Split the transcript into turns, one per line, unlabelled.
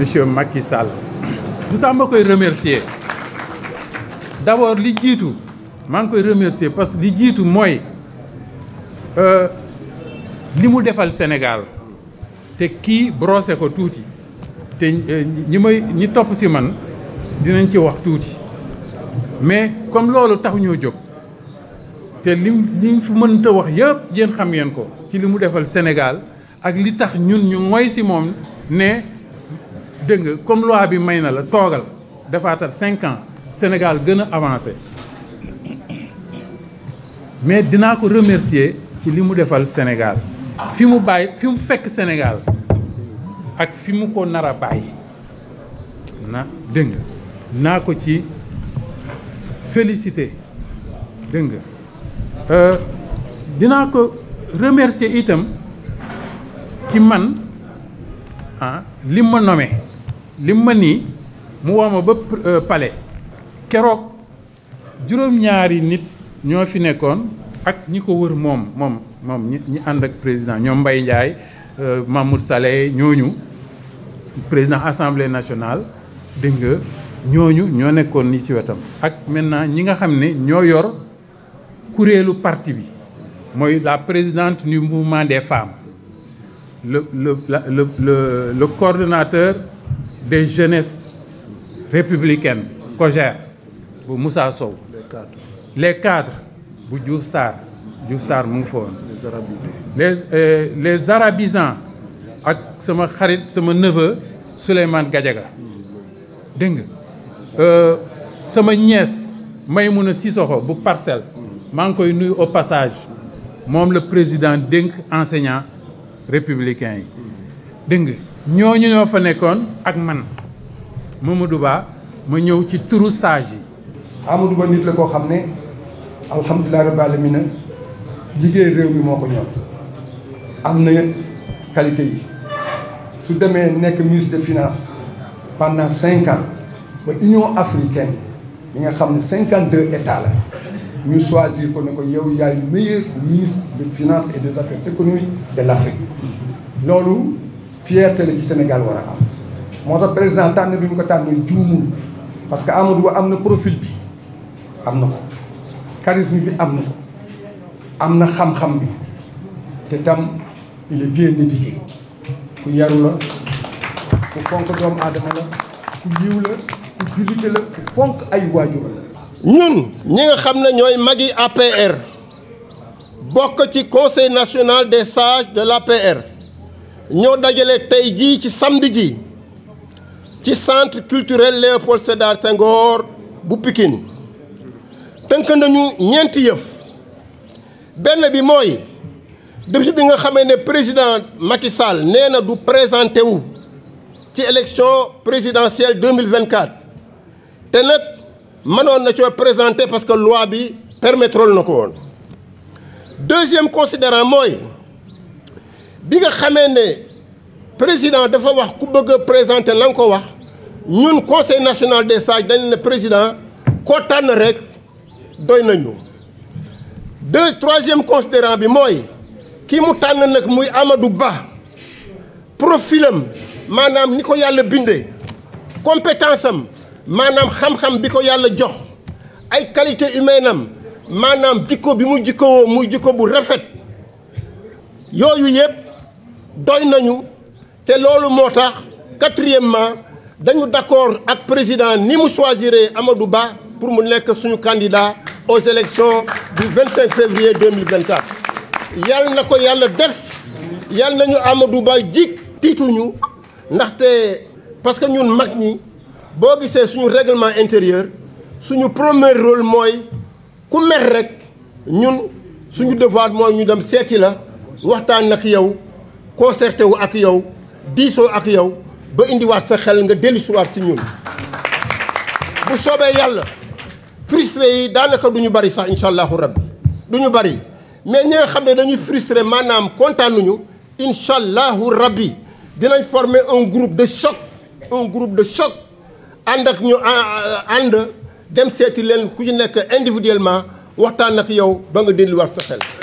monsieur Macky Sall lu tax ma koy remercier d'abord li jiitu maa ngi koy remercier parce que li jiitu mooy euh, li mu defal Sénégal te kii borose ko tuuti te euh, ñi may ñi topp si man dinañ ci wax tuuti mais comme loolu tax ñoo jóg te lim ñu fi mënta wax yëpp yéen xam ngeen ko ci li mu defal Sénégal ak li tax ñun ñu ngoy ci moom ne dégg nga comme loi bi may na la toogal defaatal cinq ans Sénégal gën a avancé mais dinaa ko remercier ci li mu defal Sénégal fi mu bàyyi fi mu fekk Sénégal ak fi mu ko nar a bàyyi na dégg nga naa ko ci félicité dégg nga euh, dinaa ko remercier itam ci man ah li ma nommé lim ma nii mu woo ma ba euh, palais keroog juróom-ñaari nit ñoo fi nekkoon ak ñi ko wër moom moom ñi ànd ak président ñoo mbay Ndiaye euh, Mahmoud Saleh ñooñu président assemblée nationale dégg nga ñooñu ñoo nekkoon nii ci wetam. ak maintenant ñi nga xam ne ñoo yor kuréelu parti bi mooy la présidente du mu des femmes le le le le le coordonnateur. des jeunesses républicaines COJER bu Moussa Sow les cadres bu Diouf Sarr Diouf saar mu ngi foon les euh, les arabisants ak sama xarit sama neveu Souleymane Gadiaga dégg nga euh, sama nièce Maymouna Sissoko bu parcelle maa ngi koy nuyu au passage moom la président dénk enseignant républicain yi dégg ñooñu ñoo fa nekkoon ak man Mamadou Ba ma ñëw ci turu sage yi.
Amadou Ba nit la koo xam ne alhamdulilah rabbil alamin liggéey réew mi moo ko ñor am na qualité yi su demee nekk ministre de finance pendant cinq ans ba Union africaine bi nga xam ne cinquante deux états la ñu choisir ko ne ko yow yaay meilleur ministre de finance et des affaires économiques de l' Afrique loolu. fierté la ci Sénégal war a am moo tax président tànn bi ñu ko tànn juumul parce que Amadou Ba am na profil bi am na ko charisme bi am na ko am na xam-xam bi te tam il est bien éduqué ku yaru la
ku fonk doomu aadama la ku yiw la ku jullite la ku fonk ay waajur la ñun ñi nga xam ne ñooy magi APR bokk ci conseil national des sages de l'APR ñoo dajale tey jii ci samedi ji ci centre culturel Léopold Sédar Senghor bu pikin tënk nañu ñeenti yëf benn bi mooy depuis bi nga xamee ne président Macky Sall nee na du présenté wu ci élection présidentielle 2024 te nag mënoon na coo présenté parce que loi bi permettre na ko woon deuxième considérant mooy bi nga xamee ne président dafa wax ku bëgg a présenter nga ko wax ñun conseil national des sages dañu ne président koo tànn rek doy nañu deux troisième considérant bi mooy kii mu tànn nag muy Amadou Ba profilam maanaam ni ko yàlla bindee compétence am maanaam xam-xam bi ko yàlla jox ay qualité humaine am maanaam jikko bi mu jikkowoo muy jikko bu rafet yooyu yëpp doy nañu te loolu moo tax quatrièmement dañu d'accord ak président ni mu choisiré Amadou Ba pour mu nekk suñu candidat aux élections du 25 février 2024 yàlla na ko yàlla des yàlla nañu Amadou Ba jig ñu ndaxte parce que ñun mag ñi boo gisee suñu règlement intérieur suñu premier rôle mooy ku mer rek ñun suñu devoir mooy ñu dem seeti la waxtaan nag yow concerté wu ak yow diisoo ak yow ba indiwaat sa xel nga dellusiwaat ci ñun bu soobee yàlla frustré yi daanaka du ñu bari sax incha allahu rabbi du ñu bari mais ñi nga xam ne dañuy frustré maanaam kontaanuñu incha allahu rabbi dinañ former un groupe de choc un groupe de choc ànd ak ñu ànd dem seeti leen ku ci nekk individuellement waxtaan ak yow ba nga delluwaat sa xel.